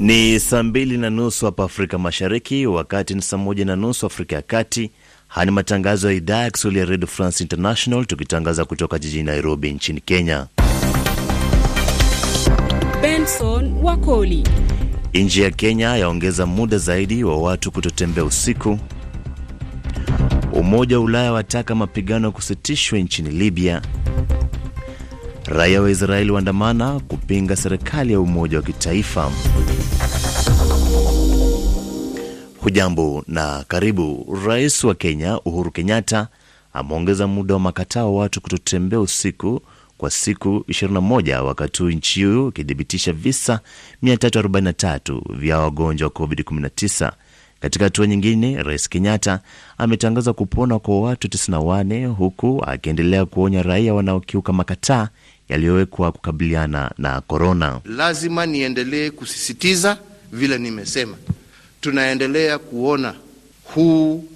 Ni saa mbili na nusu hapa Afrika Mashariki, wakati ni saa moja na nusu Afrika ya Kati. Haya ni matangazo ya idhaa ya Kiswahili ya Redio France International, tukitangaza kutoka jijini Nairobi nchini Kenya. Benson Wakoli. nji ya Kenya yaongeza muda zaidi wa watu kutotembea usiku. Umoja wa Ulaya wataka mapigano kusitishwe nchini Libya, Raia wa Israeli waandamana kupinga serikali ya umoja wa kitaifa. Hujambo na karibu. Rais wa Kenya Uhuru Kenyatta ameongeza muda wa makataa wa watu kutotembea usiku kwa siku 21 wakati huu nchi hiyo ikithibitisha visa 343 vya wagonjwa wa COVID-19. Katika hatua nyingine, Rais Kenyatta ametangaza kupona kwa watu 91 huku akiendelea kuonya raia wanaokiuka makataa yaliyowekwa kukabiliana na korona. Lazima niendelee kusisitiza vile nimesema, tunaendelea kuona huu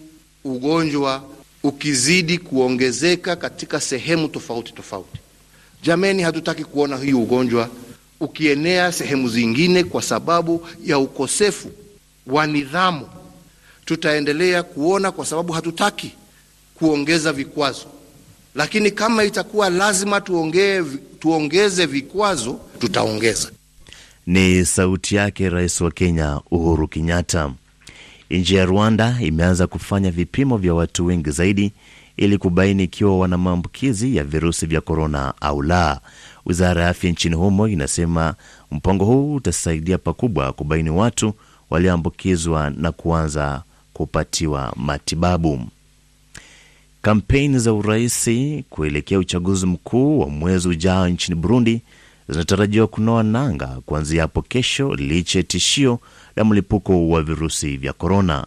ugonjwa ukizidi kuongezeka katika sehemu tofauti tofauti. Jameni, hatutaki kuona hii ugonjwa ukienea sehemu zingine kwa sababu ya ukosefu wa nidhamu. Tutaendelea kuona kwa sababu hatutaki kuongeza vikwazo lakini kama itakuwa lazima tuonge, tuongeze vikwazo tutaongeza. Ni sauti yake Rais wa Kenya Uhuru Kenyatta. Nchi ya Rwanda imeanza kufanya vipimo vya watu wengi zaidi ili kubaini ikiwa wana maambukizi ya virusi vya korona au la. Wizara ya afya nchini humo inasema mpango huu utasaidia pakubwa kubaini watu walioambukizwa na kuanza kupatiwa matibabu. Kampeni za uraisi kuelekea uchaguzi mkuu wa mwezi ujao nchini Burundi zinatarajiwa kunoa nanga kuanzia hapo kesho, licha ya tishio la mlipuko wa virusi vya korona.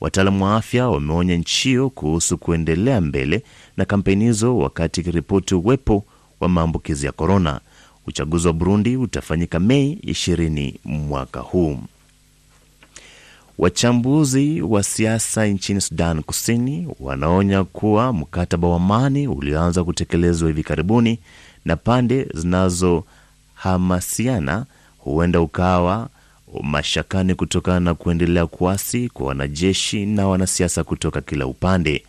Wataalamu wa afya wameonya nchi hiyo kuhusu kuendelea mbele na kampeni hizo, wakati ikiripoti uwepo wa maambukizi ya korona. Uchaguzi wa Burundi utafanyika Mei 20 mwaka huu. Wachambuzi wa siasa nchini Sudan Kusini wanaonya kuwa mkataba wa amani ulioanza kutekelezwa hivi karibuni na pande zinazohamasiana huenda ukawa mashakani kutokana na kuendelea kuasi kwa wanajeshi na wanasiasa kutoka kila upande.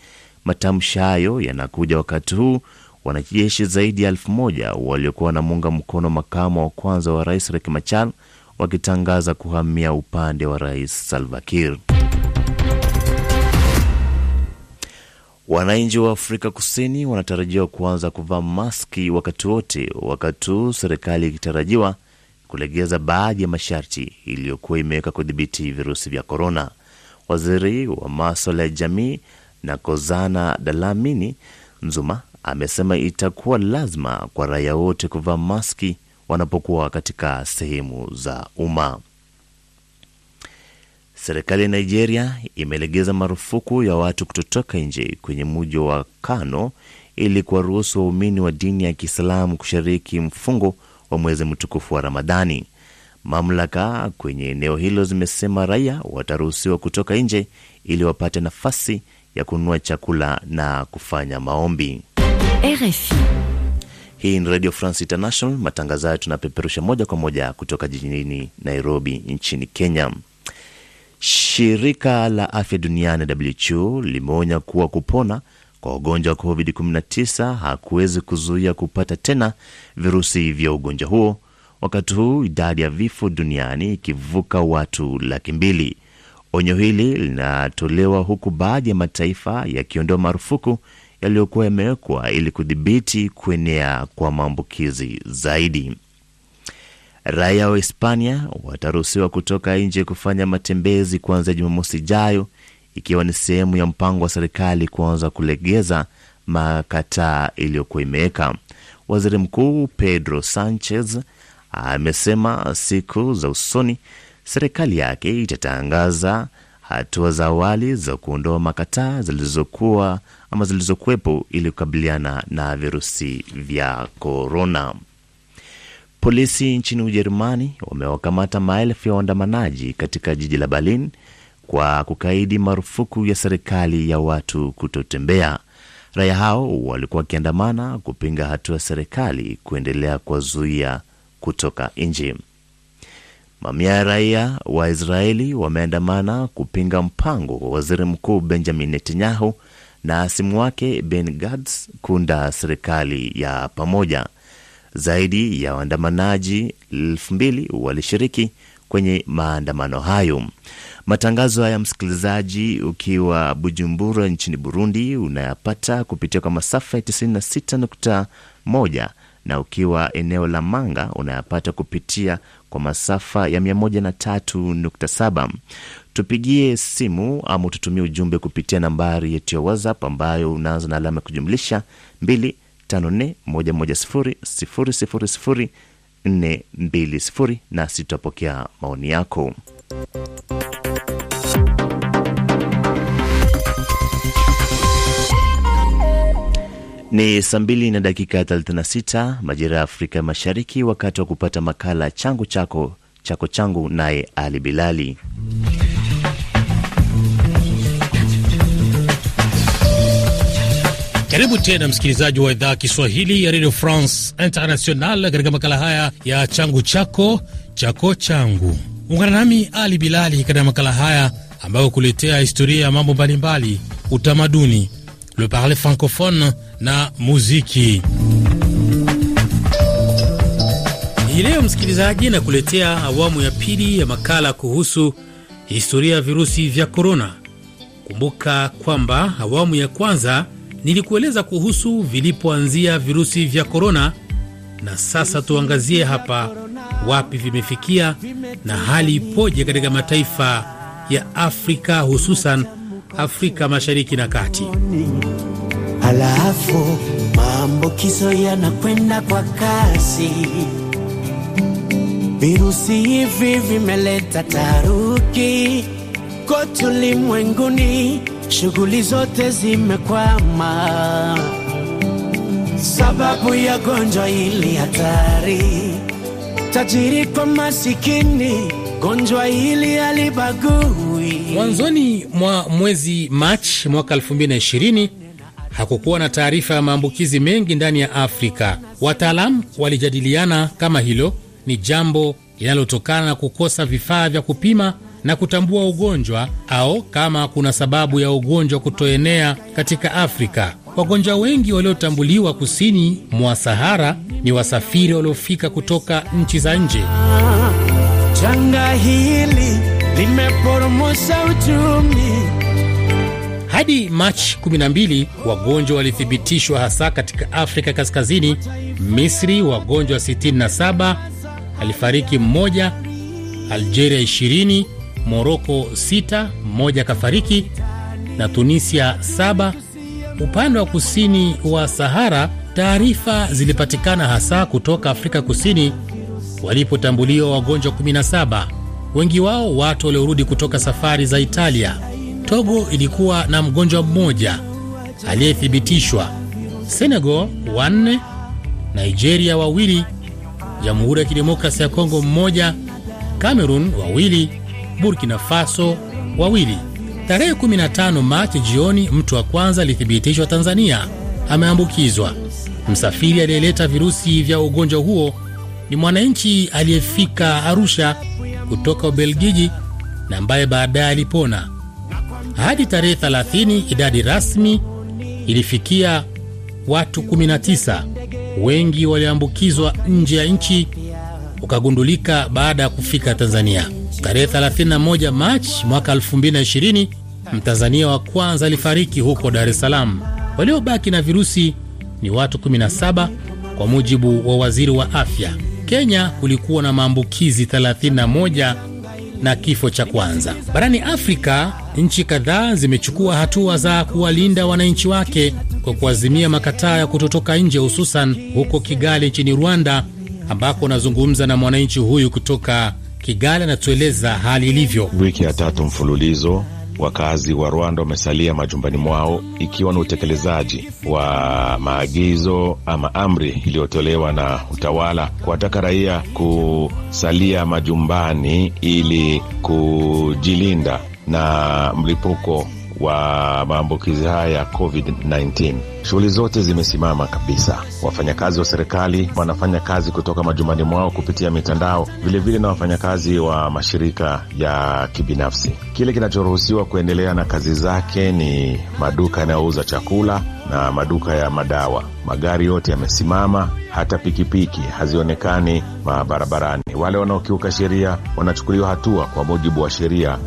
Matamshi hayo yanakuja wakati huu wanajeshi zaidi ya elfu moja waliokuwa wanamuunga mkono makamu wa kwanza wa rais Riek Machar wakitangaza kuhamia upande wa Rais Salva Kiir. Wananchi wa Afrika Kusini wanatarajiwa kuanza kuvaa maski wakati wote, wakati huu serikali ikitarajiwa kulegeza baadhi ya masharti iliyokuwa imeweka kudhibiti virusi vya korona. Waziri wa maswala ya jamii na Kozana Dlamini Nzuma amesema itakuwa lazima kwa raia wote kuvaa maski wanapokuwa katika sehemu za umma. Serikali ya Nigeria imelegeza marufuku ya watu kutotoka nje kwenye mji wa Kano ili kuwaruhusu waumini wa dini ya Kiislamu kushiriki mfungo wa mwezi mtukufu wa Ramadhani. Mamlaka kwenye eneo hilo zimesema raia wataruhusiwa kutoka nje ili wapate nafasi ya kununua chakula na kufanya maombi. RFI. Hii ni Radio France International, matangazo hayo tunapeperusha moja kwa moja kutoka jijini Nairobi nchini Kenya. Shirika la Afya Duniani WHO limeonya kuwa kupona kwa ugonjwa wa COVID-19 hakuwezi kuzuia kupata tena virusi vya ugonjwa huo, wakati huu idadi ya vifo duniani ikivuka watu laki mbili. Onyo hili linatolewa huku baadhi ya mataifa yakiondoa marufuku yaliyokuwa yamewekwa ili kudhibiti kuenea kwa maambukizi zaidi. Raia wa Hispania wataruhusiwa kutoka nje kufanya matembezi kuanzia Jumamosi ijayo ikiwa ni sehemu ya mpango wa serikali kuanza kulegeza makataa iliyokuwa imeweka. Waziri Mkuu Pedro Sanchez amesema siku za usoni serikali yake itatangaza hatua za awali za kuondoa makataa zilizokuwa ama zilizokuwepo ili kukabiliana na virusi vya korona. Polisi nchini Ujerumani wamewakamata maelfu ya waandamanaji katika jiji la Berlin kwa kukaidi marufuku ya serikali ya watu kutotembea. Raia hao walikuwa wakiandamana kupinga hatua ya serikali kuendelea kuwazuia kutoka nje. Mamia ya raia wa Israeli wameandamana kupinga mpango wa waziri mkuu Benjamin Netanyahu na simu wake Ben gads kunda serikali ya pamoja. Zaidi ya waandamanaji elfu mbili walishiriki kwenye maandamano hayo. Matangazo haya msikilizaji, ukiwa Bujumbura nchini Burundi, unayapata kupitia kwa masafa ya 96.1 na ukiwa eneo la Manga unayapata kupitia kwa masafa ya 103.7. Tupigie simu ama tutumie ujumbe kupitia nambari yetu ya WhatsApp ambayo unaanza na alama ya kujumlisha 254110000420, nasi tutapokea maoni yako. Ni saa mbili na dakika 36 majira ya Afrika Mashariki, wakati wa kupata makala changu chako chako changu, naye Ali Bilali. Karibu tena msikilizaji wa idhaa Kiswahili ya Radio France International katika makala haya ya changu chako chako changu. Ungana nami Ali Bilali katika makala haya ambayo kuletea historia ya mambo mbalimbali, utamaduni, le parler francophone na muziki. Hii leo msikilizaji, nakuletea awamu ya pili ya makala kuhusu historia ya virusi vya korona. Kumbuka kwamba awamu ya kwanza nilikueleza kuhusu vilipoanzia virusi vya korona, na sasa tuangazie hapa wapi vimefikia na hali ipoje katika mataifa ya Afrika, hususan Afrika Mashariki na Kati. Halafu maambukizo yanakwenda kwa kasi. Virusi hivi vimeleta taruki kote ulimwenguni, shughuli zote zimekwama. Sababu ya gonjwa hili hatari, tajiri kwa masikini, gonjwa hili halibagui. Mwanzoni mwa mwezi Machi mwaka 2020 hakukuwa na taarifa ya maambukizi mengi ndani ya Afrika. Wataalamu walijadiliana kama hilo ni jambo linalotokana na kukosa vifaa vya kupima na kutambua ugonjwa au kama kuna sababu ya ugonjwa kutoenea katika Afrika. Wagonjwa wengi waliotambuliwa kusini mwa Sahara ni wasafiri waliofika kutoka nchi za nje. Janga hili limeporomosha uchumi hadi Machi 12 wagonjwa walithibitishwa hasa katika Afrika Kaskazini. Misri wagonjwa 67, alifariki mmoja. Algeria 20, Moroko 6, mmoja kafariki na Tunisia 7. Upande wa kusini wa Sahara, taarifa zilipatikana hasa kutoka Afrika Kusini walipotambuliwa wagonjwa 17, wengi wao watu waliorudi kutoka safari za Italia. Togo ilikuwa na mgonjwa mmoja aliyethibitishwa, Senegal wanne, Nigeria wawili, Jamhuri ya Kidemokrasia ya Kongo mmoja, Cameroon wawili, Burkina Faso wawili. Tarehe 15 Machi jioni, mtu wa kwanza alithibitishwa Tanzania ameambukizwa. Msafiri aliyeleta virusi vya ugonjwa huo ni mwananchi aliyefika Arusha kutoka Ubelgiji na ambaye baadaye alipona. Hadi tarehe 30 idadi rasmi ilifikia watu 19. Wengi waliambukizwa nje ya nchi, ukagundulika baada ya kufika Tanzania. Tarehe 31 Machi mwaka 2020, Mtanzania wa kwanza alifariki huko Dar es Salaam. Waliobaki na virusi ni watu 17 kwa mujibu wa waziri wa afya. Kenya kulikuwa na maambukizi 31 na kifo cha kwanza. Barani Afrika, nchi kadhaa zimechukua hatua za kuwalinda wananchi wake kwa kuazimia makataa ya kutotoka nje, hususan huko Kigali nchini Rwanda, ambako anazungumza na mwananchi huyu kutoka Kigali, anatueleza hali ilivyo. Wiki ya tatu mfululizo wakazi wa Rwanda wamesalia majumbani mwao, ikiwa ni utekelezaji wa maagizo ama amri iliyotolewa na utawala kuwataka raia kusalia majumbani ili kujilinda na mlipuko wa maambukizi haya ya COVID-19. Shughuli zote zimesimama kabisa. Wafanyakazi wa serikali wanafanya kazi kutoka majumbani mwao kupitia mitandao, vilevile vile na wafanyakazi wa mashirika ya kibinafsi. Kile kinachoruhusiwa kuendelea na kazi zake ni maduka yanayouza chakula na maduka ya madawa. Magari yote yamesimama, hata pikipiki hazionekani mabarabarani. Wale wanaokiuka sheria wanachukuliwa hatua kwa mujibu wa sheria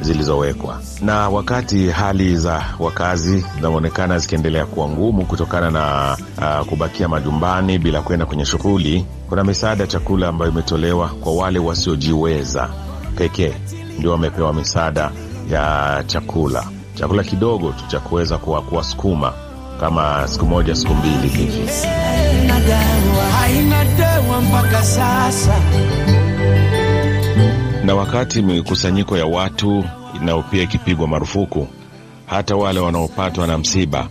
zilizowekwa. Na wakati hali za wakazi zinaonekana zikiendelea kuwa ngumu kutokana na uh, kubakia majumbani bila kwenda kwenye shughuli, kuna misaada ya chakula ambayo imetolewa kwa wale wasiojiweza pekee, ndio wamepewa misaada ya chakula, chakula kidogo tu cha kuweza kuwasukuma kama siku moja siku mbili hivi. Haina dawa mpaka sasa na wakati mikusanyiko ya watu nao pia ikipigwa marufuku, hata wale wanaopatwa na msiba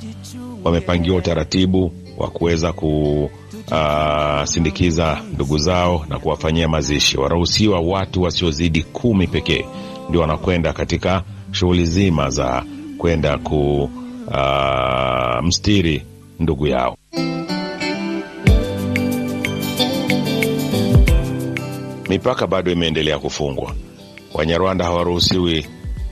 wamepangiwa utaratibu wa kuweza kusindikiza ah, ndugu zao na kuwafanyia mazishi. Waruhusiwa watu wasiozidi kumi pekee ndio wanakwenda katika shughuli zima za kwenda kumstiri ah, ndugu yao. mipaka bado imeendelea kufungwa. Wanyarwanda hawaruhusiwi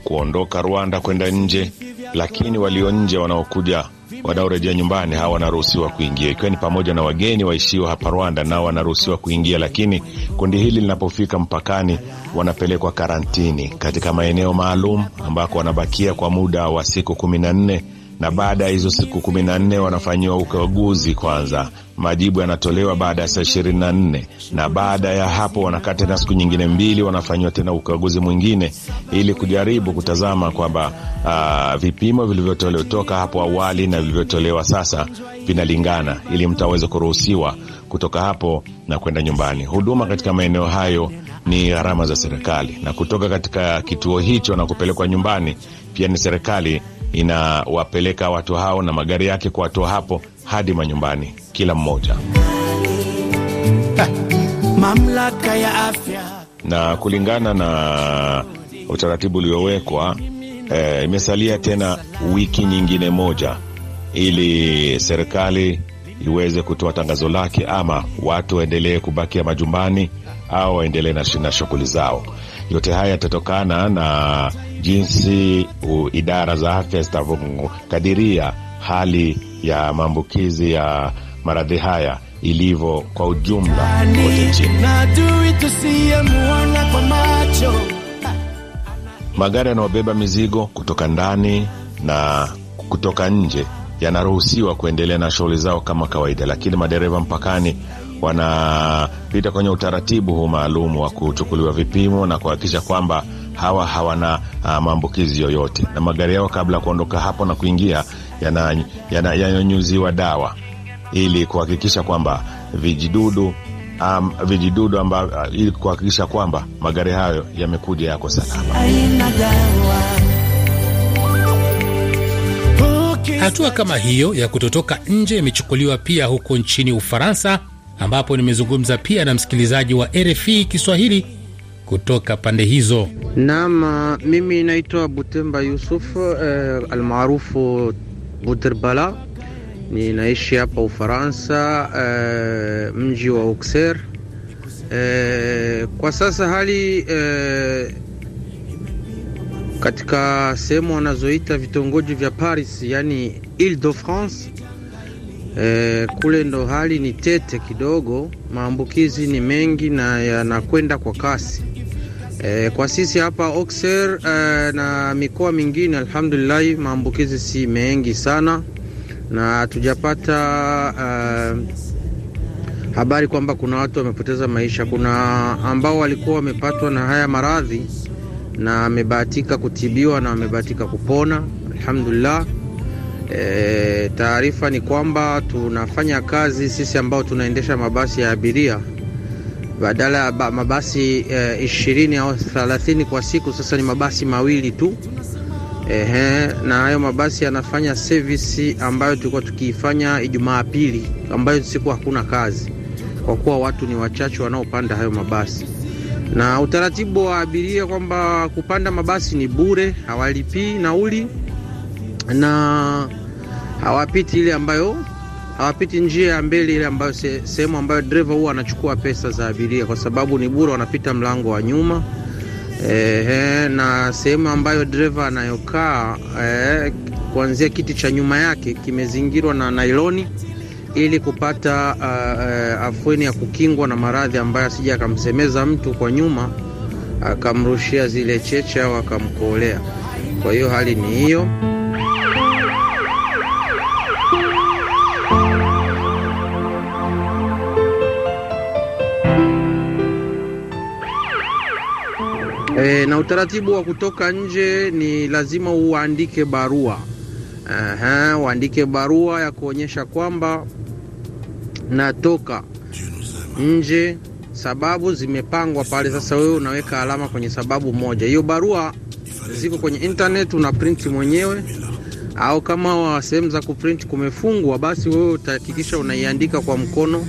kuondoka Rwanda kwenda nje, lakini walio nje wanaokuja wanaorejea nyumbani hawa wanaruhusiwa kuingia, ikiwa ni pamoja na wageni waishiwa hapa Rwanda, nao wanaruhusiwa kuingia. Lakini kundi hili linapofika mpakani, wanapelekwa karantini katika maeneo maalum ambako wanabakia kwa muda wa siku kumi na nne na baada ya hizo siku kumi na nne wanafanyiwa ukaguzi kwanza. Majibu yanatolewa baada ya saa ishirini na nne na baada ya hapo wanakaa tena siku nyingine mbili, wanafanyiwa tena ukaguzi mwingine ili kujaribu kutazama kwamba uh, vipimo vilivyotoka hapo awali na vilivyotolewa sasa vinalingana, ili mtu aweze kuruhusiwa kutoka hapo na kwenda nyumbani. Huduma katika maeneo hayo ni gharama za serikali, na kutoka katika kituo hicho na kupelekwa nyumbani pia ni serikali inawapeleka watu hao na magari yake kuwatoa hapo hadi manyumbani kila mmoja. Mamlaka ya afya. Na kulingana na utaratibu uliowekwa e, imesalia tena wiki nyingine moja ili serikali iweze kutoa tangazo lake, ama watu waendelee kubakia majumbani au waendelee na shughuli zao. Yote haya yatatokana na jinsi idara za afya zitavyokadiria hali ya maambukizi ya maradhi haya ilivyo kwa ujumla kote nchini. Magari yanayobeba mizigo kutoka ndani na kutoka nje yanaruhusiwa kuendelea na shughuli zao kama kawaida, lakini madereva mpakani wanapita kwenye utaratibu huu maalum wa kuchukuliwa vipimo na kuhakikisha kwamba hawa hawana ah, maambukizi yoyote, na magari yao kabla ya kuondoka hapo na kuingia yananyunyuziwa yana, dawa ili kuhakikisha kwamba vijidudu um, vijidudu amba, ah, ili kuhakikisha kwamba magari hayo yamekuja yako salama. Hatua kama hiyo ya kutotoka nje imechukuliwa pia huko nchini Ufaransa ambapo nimezungumza pia na msikilizaji wa RFI Kiswahili kutoka pande hizo. Naam, uh, mimi naitwa Butemba Yusuf eh, almaarufu Buterbala. Ninaishi hapa Ufaransa eh, mji wa Auxerre. Eh, kwa sasa hali eh, katika sehemu wanazoita vitongoji vya Paris, yani Ile de France E, kule ndo hali ni tete kidogo, maambukizi ni mengi na yanakwenda kwa kasi. E, kwa sisi hapa oxer e, na mikoa mingine alhamdulillah, maambukizi si mengi sana na hatujapata e, habari kwamba kuna watu wamepoteza maisha. Kuna ambao walikuwa wamepatwa na haya maradhi na amebahatika kutibiwa na amebahatika kupona alhamdulillah. E, taarifa ni kwamba tunafanya kazi sisi ambao tunaendesha mabasi ya abiria badala ya mabasi e, ishirini au thelathini kwa siku, sasa ni mabasi mawili tu. Ehe, na hayo mabasi yanafanya sevisi ambayo tulikuwa tukiifanya Ijumaa pili, ambayo siku hakuna kazi kwa kuwa watu ni wachache wanaopanda hayo mabasi, na utaratibu wa abiria kwamba kupanda mabasi ni bure, hawalipii nauli na hawapiti ile ambayo hawapiti njia ya mbele ile ambayo sehemu ambayo dereva huwa anachukua pesa za abiria, kwa sababu ni bure, wanapita mlango wa nyuma. Ehe, na sehemu ambayo dereva anayokaa eh, kuanzia kiti cha nyuma yake kimezingirwa na nailoni ili kupata uh, afueni ya kukingwa na maradhi ambayo asija akamsemeza mtu kwa nyuma akamrushia zile cheche au akamkolea. Kwa hiyo hali ni hiyo. E, na utaratibu wa kutoka nje ni lazima uandike barua. Aha, uandike barua ya kuonyesha kwamba natoka nje, sababu zimepangwa pale. Sasa wewe unaweka alama kwenye sababu moja. Hiyo barua ziko kwenye internet, una print mwenyewe au kama sehemu za kuprint kumefungwa, basi wewe utahakikisha unaiandika kwa mkono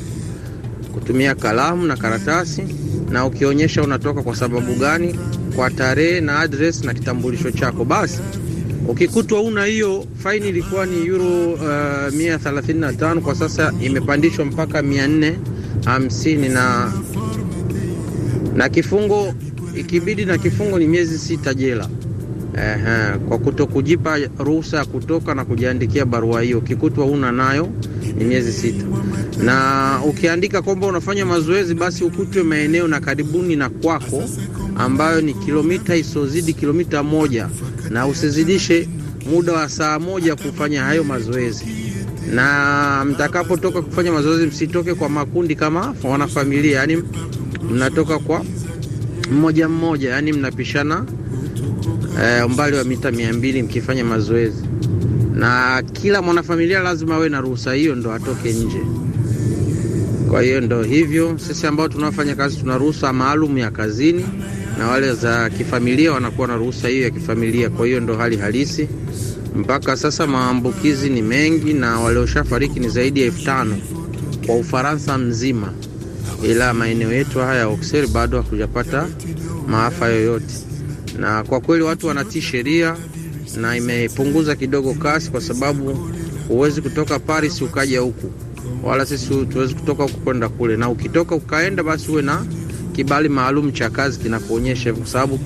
kutumia kalamu na karatasi, na ukionyesha unatoka kwa sababu gani kwa tarehe na address na kitambulisho chako. Basi ukikutwa una hiyo, faini ilikuwa ni euro uh, 135 kwa sasa imepandishwa mpaka 450 na na kifungo ikibidi, na kifungo ni miezi sita jela. Ehe, kwa kutokujipa ruhusa ya kutoka na kujiandikia barua hiyo, ukikutwa una nayo ni miezi sita. Na ukiandika kwamba unafanya mazoezi, basi ukutwe maeneo na karibuni na kwako ambayo ni kilomita isiozidi kilomita moja, na usizidishe muda wa saa moja kufanya hayo mazoezi. Na mtakapotoka kufanya mazoezi, msitoke kwa makundi kama wanafamilia, yani mnatoka kwa mmoja mmoja, yani mnapishana eh, umbali wa mita mia mbili mkifanya mazoezi, na kila mwanafamilia lazima awe na ruhusa hiyo ndo atoke nje. Kwa hiyo ndo hivyo, sisi ambao tunafanya kazi tuna ruhusa maalum ya kazini na wale za kifamilia wanakuwa na ruhusa hiyo ya kifamilia. Kwa hiyo ndo hali halisi mpaka sasa. Maambukizi ni mengi na walioshafariki ni zaidi ya elfu tano kwa Ufaransa mzima, ila maeneo yetu haya ya Auxerre bado hakujapata maafa yoyote, na kwa kweli watu wanatii sheria na imepunguza kidogo kasi, kwa sababu huwezi kutoka Paris ukaja huku, wala sisi tuwezi kutoka huku kwenda kule, na ukitoka ukaenda basi uwe na kibali maalum cha kazi kinakuonyesha, kwa sababu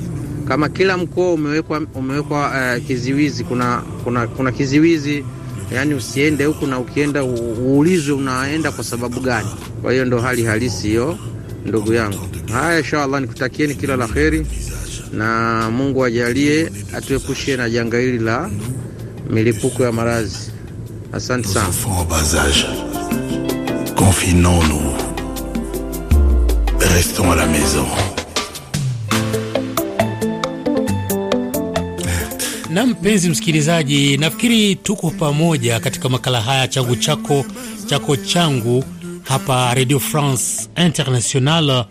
kama kila mkoa umewekwa, umewekwa uh, kiziwizi kuna, kuna, kuna kiziwizi yaani usiende huku na ukienda uulizwe unaenda kwa sababu gani. Kwa hiyo ndo hali halisi hiyo, ndugu yangu. Haya, inshallah nikutakieni kila la kheri na Mungu ajalie atuepushie na janga hili la milipuko ya maradhi. Asante sana restons à la maison. Na mpenzi msikilizaji, nafikiri tuko pamoja katika makala haya changu chako chako changu hapa Radio France International,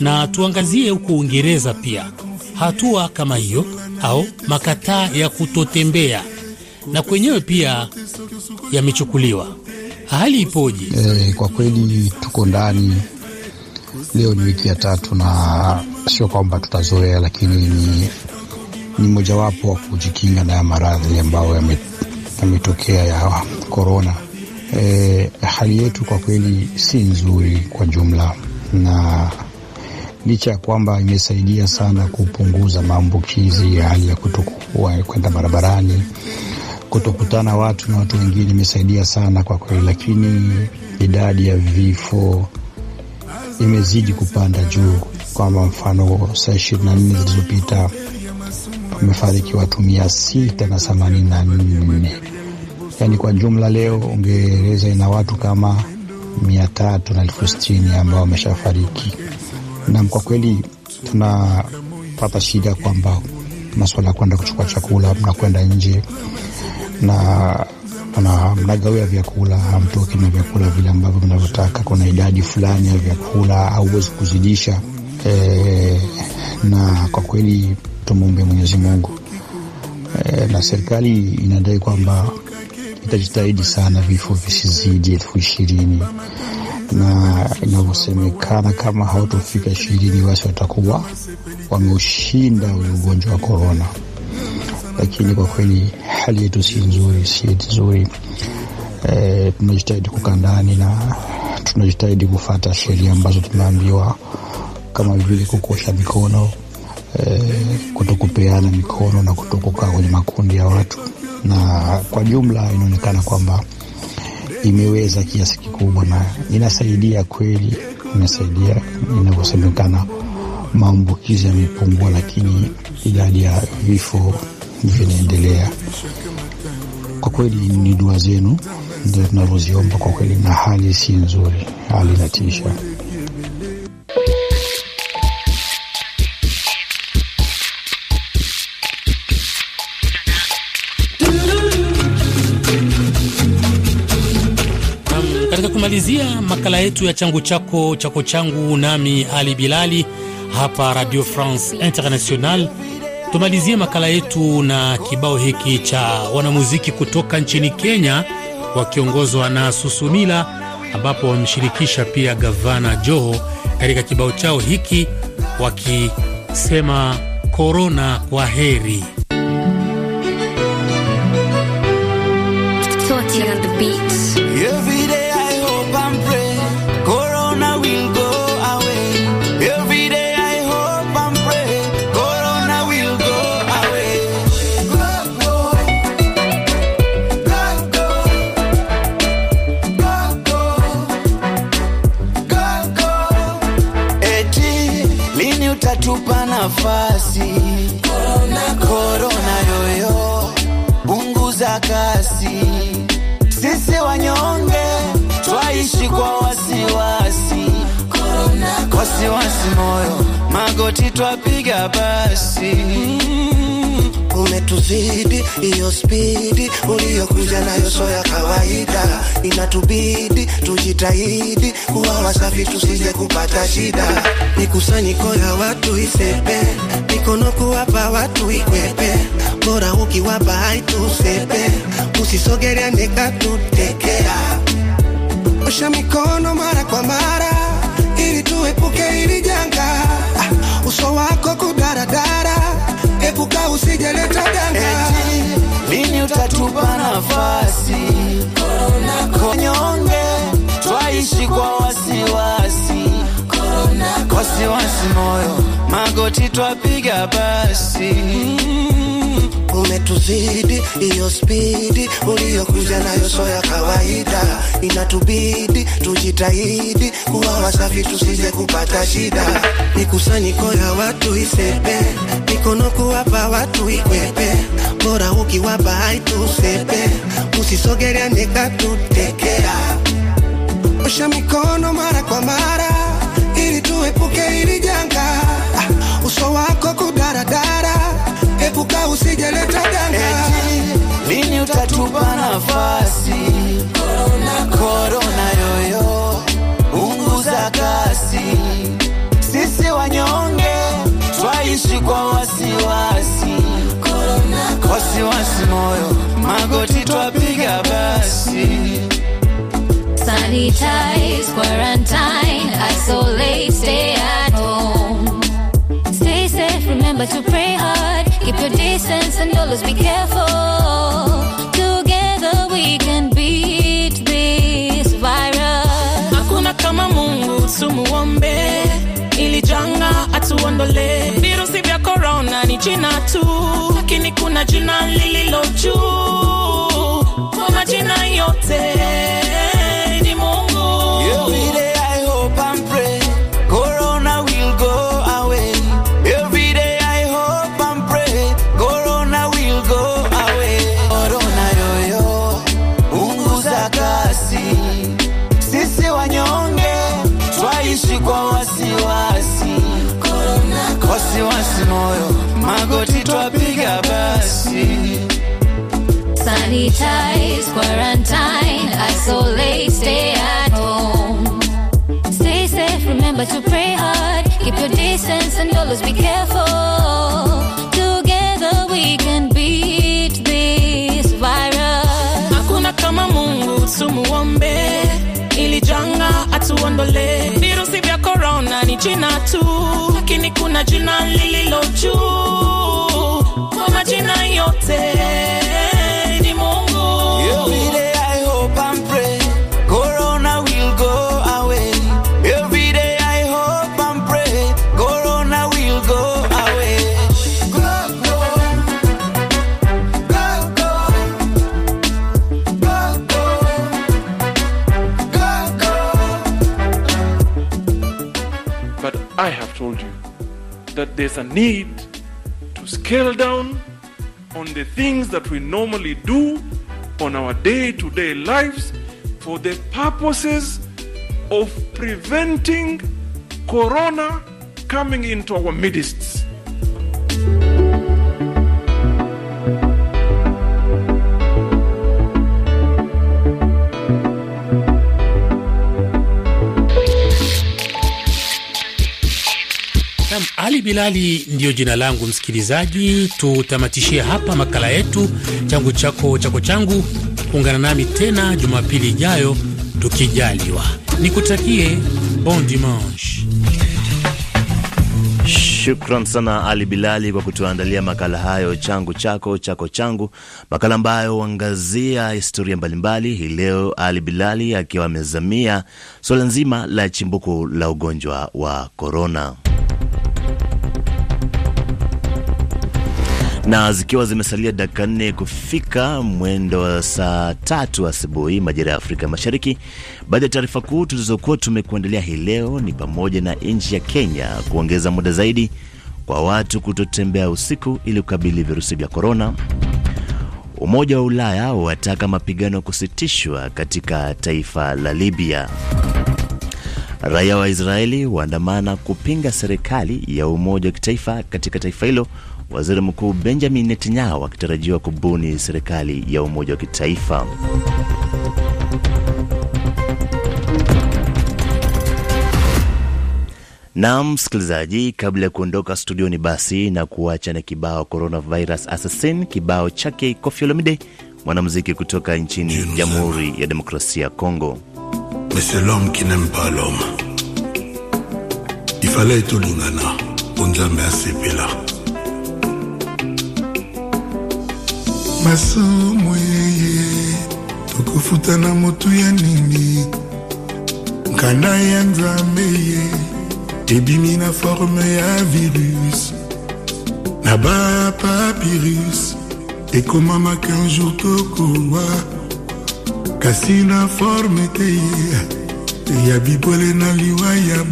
na tuangazie huko Uingereza pia hatua kama hiyo au makataa ya kutotembea na kwenyewe pia yamechukuliwa. Hali ipoje? Eh, kwa kweli tuko ndani leo ni wiki ya tatu, na sio kwamba tutazoea, lakini ni, ni mojawapo wa kujikinga na ya maradhi ambayo yametokea ya korona. E, hali yetu kwa kweli si nzuri kwa jumla, na licha ya kwamba imesaidia sana kupunguza maambukizi ya hali ya kutokuwa kwenda barabarani, kutokutana watu na watu wengine imesaidia sana kwa kweli, lakini idadi ya vifo imezidi kupanda juu. Kwamba mfano saa ishirini na nne zilizopita wamefariki watu mia sita na themanini na nne yaani kwa jumla leo Ungereza ina watu kama mia tatu na elfu sitini ambao wameshafariki. Nam, kwa kweli tunapata shida kwamba masuala ya kwenda kuchukua chakula, mnakwenda nje na mnagawia vyakula, hamtoki na vyakula vile ambavyo mnavyotaka. Kuna idadi fulani ya vyakula, au hauwezi kuzidisha e, na kwa kweli tumwombe Mwenyezi Mungu e, na serikali inadai kwamba itajitahidi sana vifo visizidi elfu ishirini na inavyosemekana kama hautofika ishirini basi watakuwa wameushinda ule ugonjwa wa korona lakini kwa kweli hali yetu si nzuri, si nzuri. E, tunajitahidi kukaa ndani na tunajitahidi kufata sheria ambazo tunaambiwa kama vile kukosha mikono e, kutokupeana mikono na kutokukaa kwenye makundi ya watu, na kwa jumla inaonekana kwamba imeweza kiasi kikubwa na inasaidia kweli, inasaidia inavyosemekana, maambukizi yamepungua, lakini idadi ya vifo vinaendelea. Kwa kweli ni dua zenu ndio tunavyoziomba kwa kweli, na hali si nzuri, hali inatisha. Katika kumalizia makala yetu ya changu chako chako changu, nami Ali Bilali hapa Radio France international Tumalizie makala yetu na kibao hiki cha wanamuziki kutoka nchini Kenya wakiongozwa na Susumila, ambapo wameshirikisha pia gavana Joho katika kibao chao hiki wakisema korona kwa heri. nafasi. Korona yoyo punguza kasi, sisi wanyonge twaishi kwa wasiwasi, wasiwasi moyo magoti twapiga basi umetuzidi hiyo spidi uliyokuja nayo, so ya kawaida, inatubidi tujitahidi kuwa wasafi tusije kupata shida. Mikusanyiko ya watu isepe, mikono kuwapa watu ikwepe, bora ukiwapa haitusepe, usisogeleane katutekea. Osha mikono mara kwa mara ili tuepuke ilijaa uso wako kudaradara, epuka usijeleta danga. Lini utatupa nafasi? Corona konyonge, twaishi kwa wasiwasi, wasiwasi moyo, magoti twapiga basi mm -hmm imetuzidi hiyo spidi uliyokuja nayo, so ya kawaida. Inatubidi tujitahidi kuwa wasafi, tusije kupata shida. Mikusanyiko ya watu isepe, mikono kuwapa watu ikwepe, bora ukiwapa haitusepe, usisogeleane katutekea. Osha mikono mara kwa mara ili tuepuke ili janga. usijeleta danga lini utatupa nafasi korona, korona yoyo unguza kasi sisi wanyonge twaishi kwa wasiwasi korona, wasiwasi moyo magoti twapiga basi Sanitize, quarantine, isolate, stay at home. Stay safe, remember to pray hard. Keep your distance and always be careful. Together we can beat this virus. Hakuna kama Mungu, tumuombe ili janga atuondolee. Virusi vya korona ni jina tu, lakini kuna jina lililo juu kwa majina yote body ties, quarantine, isolate, stay at home. Stay safe, remember to pray hard, keep your distance and always be careful. Together we can beat this virus. Hakuna kama Mungu, tumuombe ili janga atuondole Virusi vya korona ni jina tu, lakini kuna jina lililo juu kwa majina yote. that there's a need to scale down on the things that we normally do on our day to day lives for the purposes of preventing corona coming into our midst. Bilali ndiyo jina langu, msikilizaji. Tutamatishie hapa makala yetu changu chako chako changu. Ungana nami tena Jumapili ijayo tukijaliwa. Nikutakie bon dimanche. Shukran sana Ali Bilali kwa kutuandalia makala hayo changu chako chako changu, makala ambayo huangazia historia mbalimbali. Hii leo Ali Bilali akiwa amezamia suala nzima la chimbuko la ugonjwa wa korona. na zikiwa zimesalia dakika nne kufika mwendo wa saa tatu asubuhi majira ya Afrika Mashariki. Baadhi ya taarifa kuu tulizokuwa tumekuandalia hii leo ni pamoja na nchi ya Kenya kuongeza muda zaidi kwa watu kutotembea usiku ili kukabili virusi vya korona. Umoja wa Ulaya wataka mapigano kusitishwa katika taifa la Libya. Raia wa Israeli waandamana kupinga serikali ya umoja wa kitaifa katika taifa hilo waziri mkuu Benjamin Netanyahu akitarajiwa kubuni serikali ya umoja wa kitaifa. Na msikilizaji, kabla ya kuondoka studioni, basi na kuacha na kibao coronavirus assassin, kibao chake Koffi Olomide, mwanamuziki kutoka nchini Jamhuri ya Demokrasia ya Kongo. Mais c'est l'homme masumu yeye tokofuta na motu ya nini na forme ya virus na bapapirus ekomamaka un jour tokowa kasi na forme te ya na liwa ya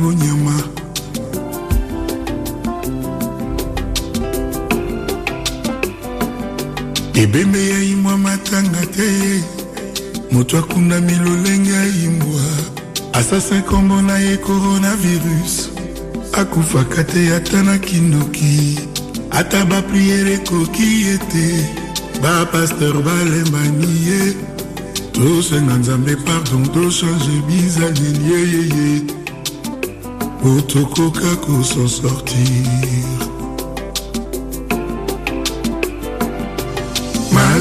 ebembe ya imwa matanga te moto akundami moi Assassin comme on a, ye coronavirus akufaka te ata na kindoki ata bapriere ekoki tous bapaster balembani ye tosenga nzambe pardon tochange bizaleli yeyeye coca tokoka s'en sortir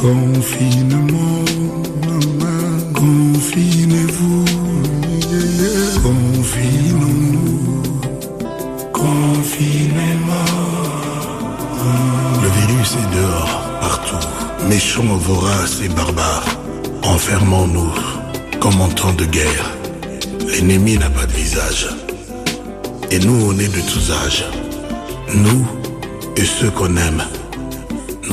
Confinement, maman, confinez-vous. Confinons-nous, confinez-moi. Le virus est dehors, partout, méchant, voraces et barbares, Enfermons-nous, comme en temps de guerre. L'ennemi n'a pas de visage. Et nous, on est de tous âges. Nous et ceux qu'on aime.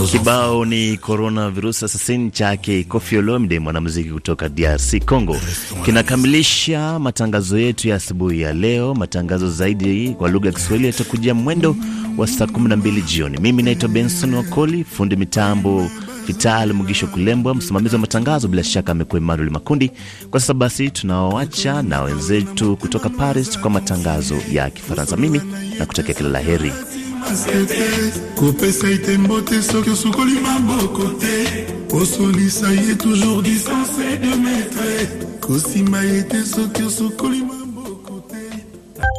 Kibao ni Corona Virus Assassin chake Koffi Olomide, mwanamuziki kutoka DRC Congo. Kinakamilisha matangazo yetu ya asubuhi ya leo. Matangazo zaidi kwa lugha ya Kiswahili yatakujia mwendo wa saa 12 jioni. Mimi naitwa Benson Wakoli, fundi mitambo Vital Mugisho Kulembwa, msimamizi wa matangazo bila shaka amekuwa Emmanuel Makundi. Kwa sasa basi, tunaoacha na wenzetu kutoka Paris kwa matangazo ya Kifaransa. Mimi na kutakia kila la heri. kopesa ete mbote soki osukoli maboko te kosolisa ye toujours distance de metre kosima ete soki osukoli maboko